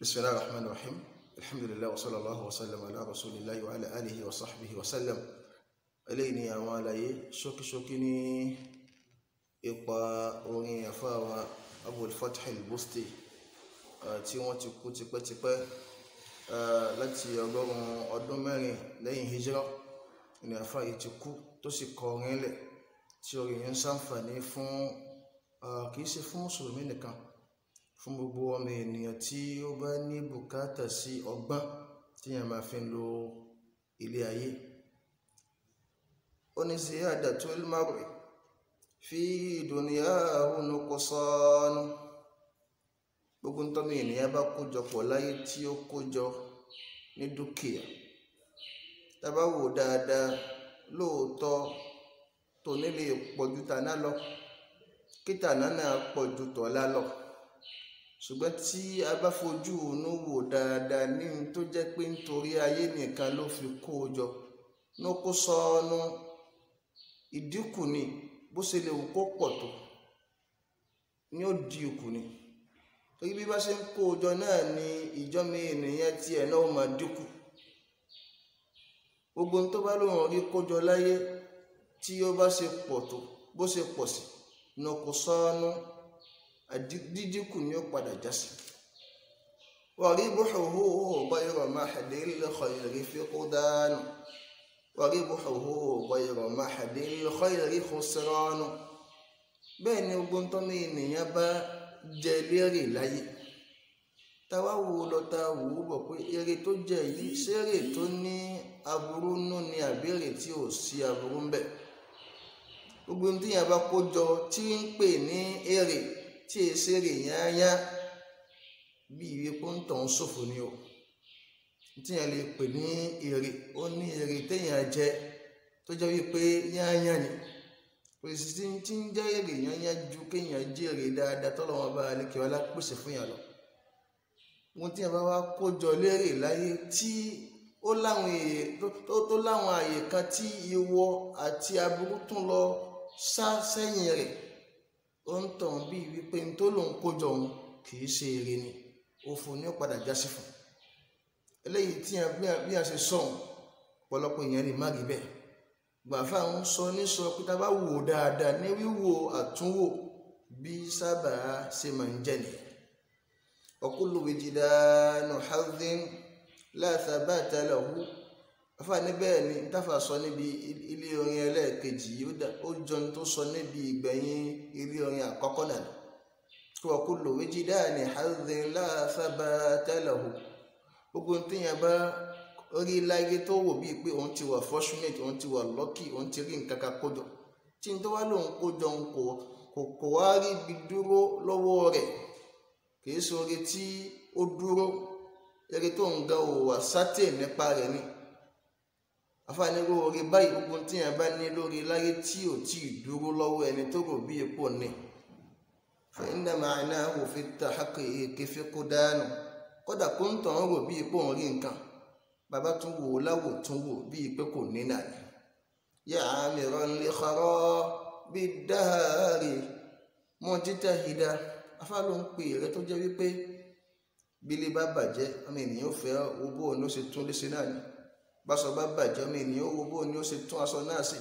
bisimilahi rahman rahim alhamdulilayi wa sallallahu wa sallam ala rasulillahi wa ala alihi wa sahbihi wa sallam eléyìí ni àwọn àlàyé ṣókíṣókí ní ipa orin àfáàwà abul fath al-busti tí wọ́n ti kú tipẹ́tipẹ́ láti ọgọ́rùn ọdún mẹ́rin lẹ́yìn hijira ni àfáà yìí ti kú tó sì kọ orin lẹ̀ tí orin yìí ń ṣàǹfààní fún kì í ṣe fún mùsùlùmí nìkan fún gbogbo ọmọ ènìyàn tí ó bá ní bùkátà sí ọgbọ́n tí yẹn máa fi ń lo ilé ayé ó ní ziyada tó ilmari fi ìdùnnìyà òun kò sọ́ọ́nù gbogbo ń tọ́mọ ènìyàn bá kójọ pọ̀ láyé tí ó kójọ ní dúkìá tá bá wò dáadáa lóòótọ́ tòní lè pọ̀jù tàná lọ kí tàná náà pọ̀jù tọ̀la lọ ṣùgbọ́n tí a bá fojú òun wò dáadáa ní n tó jẹ́ pé nítorí ayé nìkan ló fi kó o jọ ní kó sọnù ìdínkù ni bó ṣe lè wù kó pọ̀ tó ni ó di ìkù ni torí bí bá ṣe ń kó o jọ náà ni ìjọ́mi ènìyàn tiẹ̀ náà ó máa dínkù gbogbo tó bá lóun rí kójọ láyé tí ó bá ṣe pọ̀ tó bó ṣe pọ̀ sí ni kó sọnù. So dídínkù ni ó padà já wàrí bùhùhù bọ́ irọ́ máa hàdé fi kú wàrí bùhùhù bọ́ irọ́ máa hàdé lọ́kọ̀ bẹ́ẹ̀ ni gbogbo ń tọ́mọ bá jẹ lérè láyé táwa wo lọ ta wò ó pé eré tó jẹ yìí ṣeré tó ní aburú nú ni àbẹ̀rẹ̀ tí ò sí aburú ń bẹ̀ gbogbo ohun tí yẹn bá kó jọ tí ń pè ní èrè tí e ṣe rè yányá bí ìwé pọ́ńtọ̀ ń ṣòfò ni o tíyẹn lè pè ní èrè ó ní èrè téèyàn jẹ tó jẹ́ wípé yányá ni kò sì ti ti ń jẹ́ èrè yányá ju kéèyàn jèrè dáadáa tọ́lọ̀ wọn bá alékè wá lápèsè fún yàn lọ wọn tíyẹn bá wá kójọ lérè láyé tí ó láwọn èyè tó láwọn àyè kan tí ìwọ àti aburú tún lọ sá sẹ́yìn rẹ̀ ó ń tàn bíi wípé n tó lòun kó jọ òun kì í ṣe èrè ni òfò ni ó padà jásí fún eléyìí tí bí a ṣe sọ òun pọ̀lọpọ̀ èèyàn má rí bẹ́ẹ̀ gbàfà ń sọ nísọ pé tá a bá wò dáadáa ní wíwò àtúnwò bí sábà ṣe máa ń jẹ nìyẹn ọkùnrin lòwe jìdá nù hàdín láti abá àtàlà òun. afa ní bẹ́ẹ̀ ni ntafa sọ níbi ilé orin ẹlẹ́ẹ̀kejì yìí ó jọ tó sọ níbi ìgbẹ̀yìn ilé orin àkọ́kọ́ nàlọ́ kí wọ́n kú lò wíjì dáàní hàzín láàfàbà tẹ́lẹ̀hù gbogbo tíyẹn bá rí láyé tó wò bíi pé òun ti wà fortunate òun ti wà lucky òun ti rí nǹkan kan ibi dúró lọ́wọ́ rẹ̀ sọ orí tí ó dúró eré tó ni. afáàní irú oore báyìí gbogbo tí yẹn bá ní lórí láyé tí ò tí ì dúró lọ́wọ́ ẹni tó rò bí epo ní fẹ́ńdà máa ná òfin ta hákè èké fi kó dánù kódà kó ń tàn án rò bí epo ń rí nǹkan bàbá tún wò ó láwò tún wò bí pé kò ní nàní. yà á mìíràn lè xọrọ bí dáhàárì mọ títà hídà afá ló ń pè rẹ tó jẹ́ wípé bílé bàjẹ́ ọmọ ènìyàn fẹ́ owó bóun ló ṣe tún léṣe náà ni báṣọ bá bàjẹ́ ọmọ ènìyàn ó wo bó ni ó ṣe tún aṣọ náà ṣe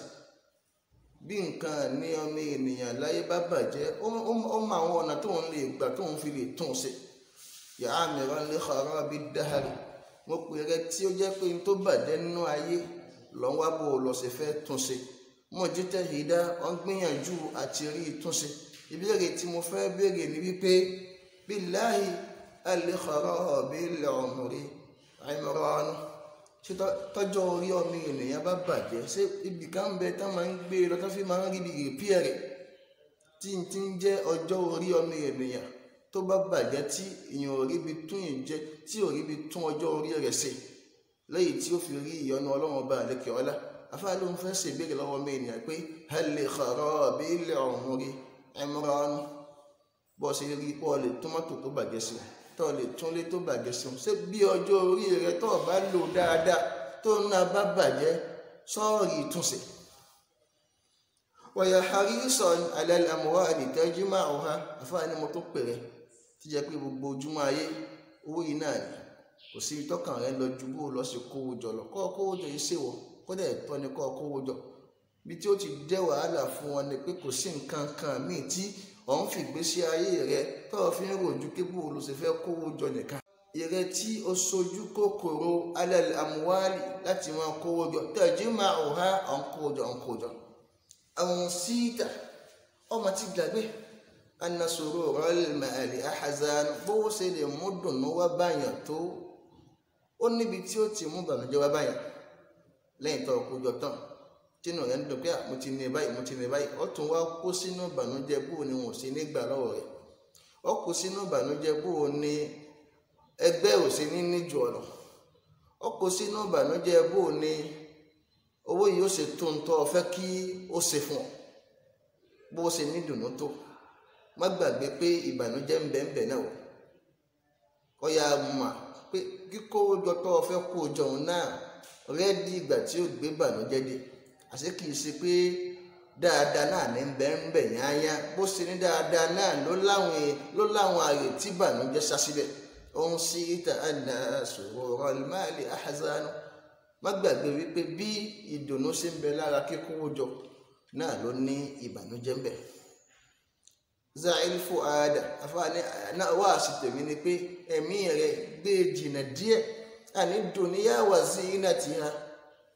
bí nǹkan ní ọmọ ènìyàn láyé bá bàjẹ́ ó mọ àwọn ọ̀nà tóun lè gbà tóun fi lè tún ṣe yàrá mìíràn lè xọrọ́ bí dáhàrí mo pè rẹ tí ó jẹ́ pé n tó bàjẹ́ nínú ayé lọ́n bó o lọ ṣe fẹ́ tún ṣe mo jí tẹ̀lé ọ ń gbìyànjú àti rí ìtúnṣe ìbéèrè tí mo fẹ́ béèrè ni wípé bíláì alẹ́ xọrọ́ bí lọ́ọ̀mù rí àìmọ̀rọ̀ ọ̀nà ṣé tọ́jọ́ orí ọmọ ènìyàn bá bàjẹ́ ṣé ibì kan bẹ tán máa ń gbé lọ tán fi máa ń rí ibi rèpíẹ̀ rẹ̀ tí n ti ń jẹ́ ọjọ́ orí ọmọ ènìyàn tó bá bàjẹ́ tí èèyàn ò ríbi tún yìí jẹ́ tí ò ríbi tún ọjọ́ orí rẹ̀ ṣe lẹ́yìn tí ó fi rí ìyọnu ọlọ́run ọba àlekè ọlá afáà ló ń fẹ́ ṣèbéèrè lọ́wọ́ ọmọ ènìyàn pé hal li kharabi al umri imran bọ́ọ̀ṣe rí pọ́ọ̀lì tómátò tó bàjẹ́ sí i tó lè túnlé tó bàjẹ́ sùn ṣé bí ọjọ́ orí rẹ tó o bá lò dáadáa tó ń na bá bàjẹ́ sọ́ọ̀rì ìtúnṣe. wọ̀yà haríṣọ alẹ́ àmúwá àdìtẹ́jú máa wá àfáàní mo tó pè rẹ tí jẹ́ pé gbogbo ojúmọ́ ayé owó yìí náà ni kò sí tọkàn rẹ lọ ju bó lọ sí kówó jọ lọ kọ́ kówó jọ yìí ṣèwọ kódà ẹ̀tọ́ ni kọ́ kówó jọ bí tí ó ti jẹ́ wàhálà fún wọn ni pé kò sí nǹkan kan míì tí ọ̀hún fi ìgbésí ayé rẹ tọ́ọ̀ fi ń rojú kébù olùsèfẹ́ kówó jọ nìkan ìrẹ tí o sojú kòkòrò alẹ́ àmúwálì láti wọn kówó jọ tẹ̀jú máa ò há ọ̀nkójọ ọ̀nkójọ. àwọn síta ọmọ ti gbàgbé anasoro rọlmàlì ahazan bówó ṣe lè mú dùnú wá báyàn tó ó níbi tí ó ti mú bàmújẹ́ wá báyàn lẹ́yìn tó kó jọ tán. Tinúkẹ́ ń dùn pé mo ti ní báyìí mo ti ní báyìí tún wá kó sínú ìbànújẹ́ bó ni wọn sí nígbà lọ́wọ́ rẹ̀ ọ kó sínú ìbànújẹ́ bó ni ẹgbẹ́ ò sí ní níjù ọ̀nà kó sínú bó owó yìí ó ṣe tó ń ọ ọ ní ya mà pé jọ tọ́ ọ fẹ́ kó o jọun náà rẹ́ẹ̀dì ìgbà tí gbé àṣé kìí ṣe pé dáadáa náà ní bẹ́ẹ̀ ń bẹ̀ yáyá bó ṣe ní dáadáa náà ló láwọn e, ló láwọn ààyè tí ìbànújẹ́ sá síbẹ̀ ó ń sí ìta àná sòrò ọ̀lmáàlì àhàzánú má gbàgbé wípé bí ìdùnnú ṣe ń bẹ lára kíkówó jọ náà ló ní ìbànújẹ́ ń bẹ. zail fuada afaani náà wá àṣetèmí ni pé ẹ̀mí rẹ̀ gbé jìnnà díẹ̀ àní dùn níyàwó sí iná tìǹà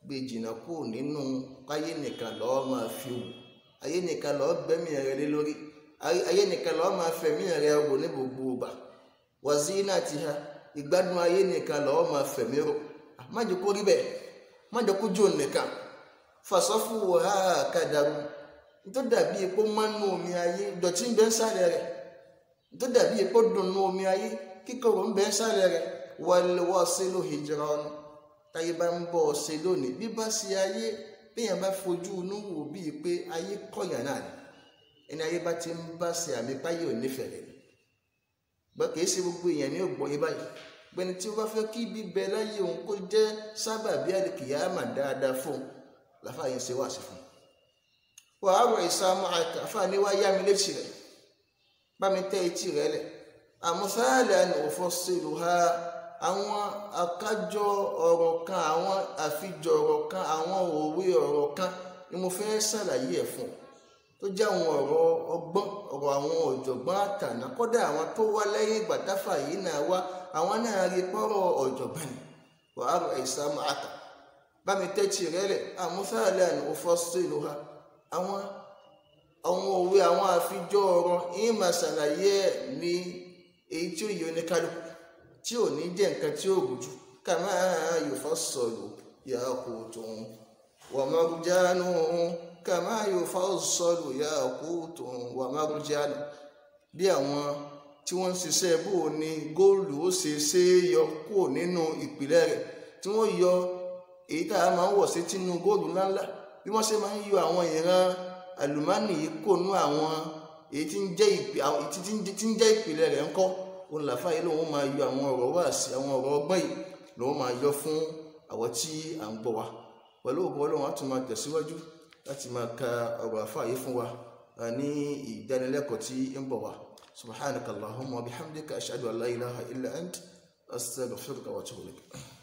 gbejina jìnnà ninu nínú ayé nìkan lọ́ọ́ máa fi wù ayé nìkan lọ́ọ́ gbẹ́mí rẹ lé lórí ayé nìkan lọ́ọ́ máa fẹ̀mí rẹ wò ní gbogbo ìgbà wàzínà ti ha ìgbádùn ayé nìkan lọ́ọ́ máa fẹ̀mí rò má rí bẹ́ẹ̀ má jẹ́ nìkan fàṣọ́fù wàhá kàdàrú tó dàbí epo mánú omi ayé dọ̀tí ń bẹ́ ń sáré rẹ̀ tó dàbí dùnú omi ayé ń bẹ́ ń sáré rẹ̀ táyé bá ń bọ̀ ṣe lónìí bí bá ṣe ayé béèyàn bá fojú inú wò bíi pé ayé kọ̀yàn náà ni ẹni ayé bá ti ń bá ṣe àmì báyìí ò nífẹ̀ẹ́ rẹ̀ gbọ́ kìí ṣe gbogbo èèyàn ní ògbọ́n yín báyìí gbẹni tí ó bá fẹ́ kí bíbẹ láyé òun kó jẹ́ sábàbí àlìkìyàmà dáadáa fún un làfáà yẹn ṣe wà sí fún un wàá rọ ìsàmù àfààní wá yá mi létí rẹ̀ bá mi tẹ́ etí rẹ̀ lẹ̀ àmúfáàlì àni òfò sílùú ha àwọn àkájọ ọ̀rọ̀ kan àwọn àfijọ ọ̀rọ̀ kan àwọn òwe ọ̀rọ̀ kan ni mo fẹ́ ṣàlàyé ẹ̀ fún tó jẹ́ àwọn ọ̀rọ̀ ọgbọ́n ọ̀rọ̀ àwọn ọ̀jọ̀gbọ́n àtàná àwọn tó wá lẹ́yìn ìgbà yìí náà wá àwọn náà rí pọ́rọ̀ ọ̀jọ̀gbọ́n ni bá mi tẹ́tì ha àwọn tí ò ní jẹ́ nǹkan tí o gùjù kàmá yufassalu yaqutun wa marjanu kàmá yufassalu yaqutun bí àwọn tí wọ́n ń ṣiṣẹ́ bó o ní góòlù ó ṣe ṣe é yọ nínú ìpìlẹ̀ rẹ̀ tí wọ́n yọ èyí tá a máa ń wọ̀ sí tínú góòlù ńláńlá bí wọ́n ṣe máa ń yọ àwọn ìran àlùmánì yìí nú àwọn èyí tí ń jẹ́ ìpìlẹ̀ òun làfáà yìí lòun máa yọ àwọn ọ̀rọ̀ wá sí àwọn ọ̀rọ̀ ọgbọ́n yìí lòun máa yọ fún àwọn tí à ń gbọ́ wa pẹ̀lú ògbọ́ lòun á tún máa tẹ̀síwájú láti máa ka ọ̀rọ̀ àfáà yìí fún wa ní ìdánilẹ́kọ̀ọ́ tí ń bọ̀ wa subhanakallahumma wa bihamdika ashhadu an la ilaha illa ant astaghfiruka wa atubu ilaik.